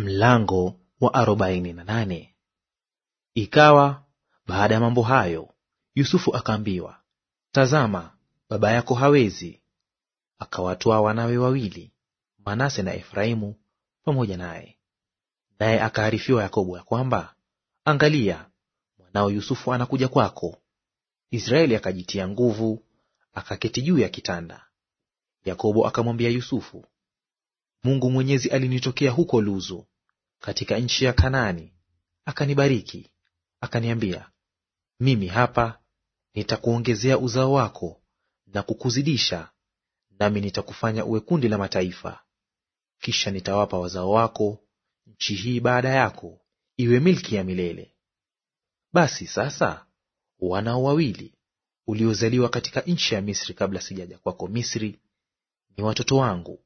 Mlango wa arobaini na nane. Ikawa baada ya mambo hayo, Yusufu akaambiwa, tazama, baba yako hawezi. Akawatoa wanawe wawili, Manase na Efraimu, pamoja naye. Naye akaarifiwa Yakobo ya kwamba, angalia, mwanao Yusufu anakuja kwako. Israeli akajitia nguvu, akaketi juu ya kitanda. Yakobo akamwambia Yusufu, Mungu Mwenyezi alinitokea huko Luzu katika nchi ya Kanaani, akanibariki akaniambia, mimi hapa nitakuongezea uzao wako na kukuzidisha, nami nitakufanya uwe kundi la mataifa. Kisha nitawapa wazao wako nchi hii baada yako iwe milki ya milele. Basi sasa, wanao wawili uliozaliwa katika nchi ya Misri kabla sijaja kwako Misri ni watoto wangu,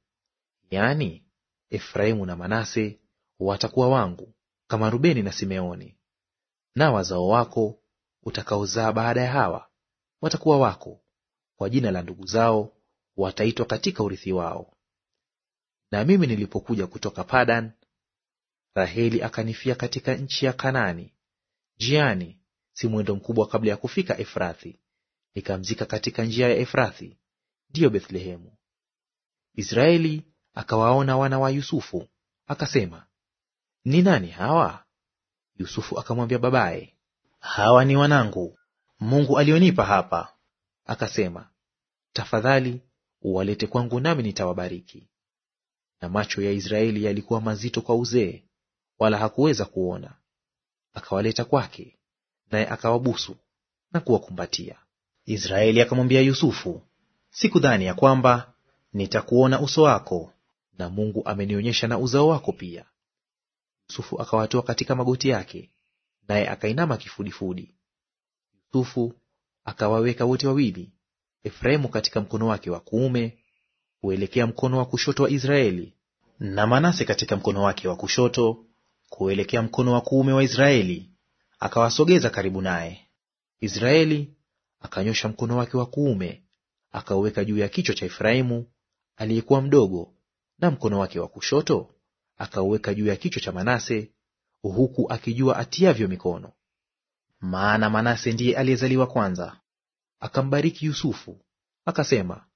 yaani Efraimu na Manase watakuwa wangu kama Rubeni na Simeoni. Na wazao wako utakaozaa baada ya hawa watakuwa wako, kwa jina la ndugu zao wataitwa katika urithi wao. Na mimi nilipokuja kutoka Padan, Raheli akanifia katika nchi ya kanani njiani, si mwendo mkubwa kabla ya kufika Efrathi, nikamzika katika njia ya Efrathi, ndiyo Bethlehemu. Israeli akawaona wana wa Yusufu, akasema ni nani hawa? Yusufu akamwambia babaye, hawa ni wanangu Mungu alionipa hapa. Akasema, tafadhali uwalete kwangu, nami nitawabariki. Na macho ya Israeli yalikuwa mazito kwa uzee, wala hakuweza kuona. Akawaleta kwake, naye akawabusu na kuwakumbatia. Israeli akamwambia Yusufu, sikudhani ya kwamba nitakuona uso wako, na Mungu amenionyesha na uzao wako pia. Yusufu akawatoa katika magoti yake, naye akainama kifudifudi. Yusufu akawaweka wote wawili, Efraimu katika mkono wake wa kuume kuelekea mkono wa kushoto wa Israeli, na Manase katika mkono wake wa kushoto kuelekea mkono wa kuume wa Israeli, akawasogeza karibu naye. Israeli akanyosha mkono wake wa kuume akauweka juu ya kichwa cha Efraimu aliyekuwa mdogo, na mkono wake wa kushoto akauweka juu ya kichwa cha Manase, huku akijua atiavyo mikono. Maana Manase ndiye aliyezaliwa kwanza. Akambariki Yusufu akasema,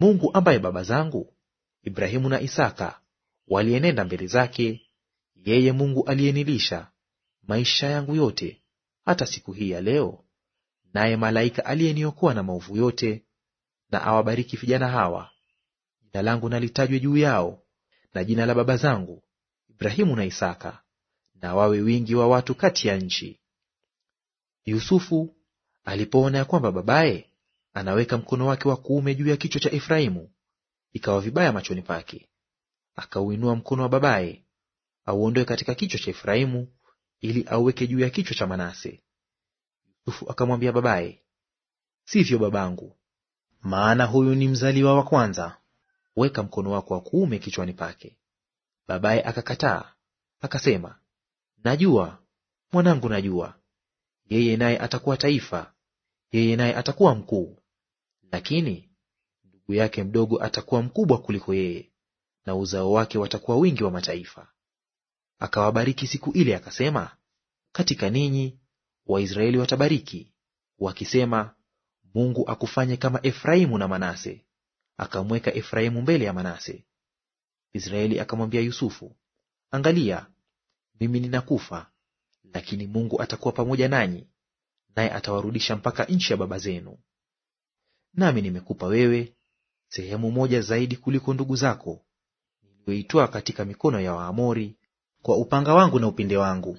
Mungu ambaye baba zangu Ibrahimu na Isaka walienenda mbele zake, yeye Mungu aliyenilisha maisha yangu yote hata siku hii ya leo, naye malaika aliyeniokoa na maovu yote, na awabariki vijana hawa, jina langu nalitajwe juu yao na jina la baba zangu Ibrahimu na Isaka, na wawe wingi wa watu kati ya nchi. Yusufu alipoona ya kwamba babaye anaweka mkono wake wa kuume juu ya kichwa cha Efraimu, ikawa vibaya machoni pake, akauinua mkono wa babaye auondoe katika kichwa cha Efraimu ili auweke juu ya kichwa cha Manase. Yusufu akamwambia babaye, sivyo babangu, maana huyu ni mzaliwa wa kwanza weka mkono wako wa kuume kichwani pake. Babaye akakataa akasema, najua mwanangu, najua. Yeye naye atakuwa taifa, yeye naye atakuwa mkuu. Lakini ndugu yake mdogo atakuwa mkubwa kuliko yeye, na uzao wake watakuwa wingi wa mataifa. Akawabariki siku ile akasema, katika ninyi Waisraeli watabariki wakisema, Mungu akufanye kama Efraimu na Manase akamweka Efraimu mbele ya Manase. Israeli akamwambia Yusufu, Angalia, mimi ninakufa, lakini Mungu atakuwa pamoja nanyi, naye atawarudisha mpaka nchi ya baba zenu. Nami nimekupa wewe sehemu moja zaidi kuliko ndugu zako, niliyoitoa katika mikono ya Waamori kwa upanga wangu na upinde wangu.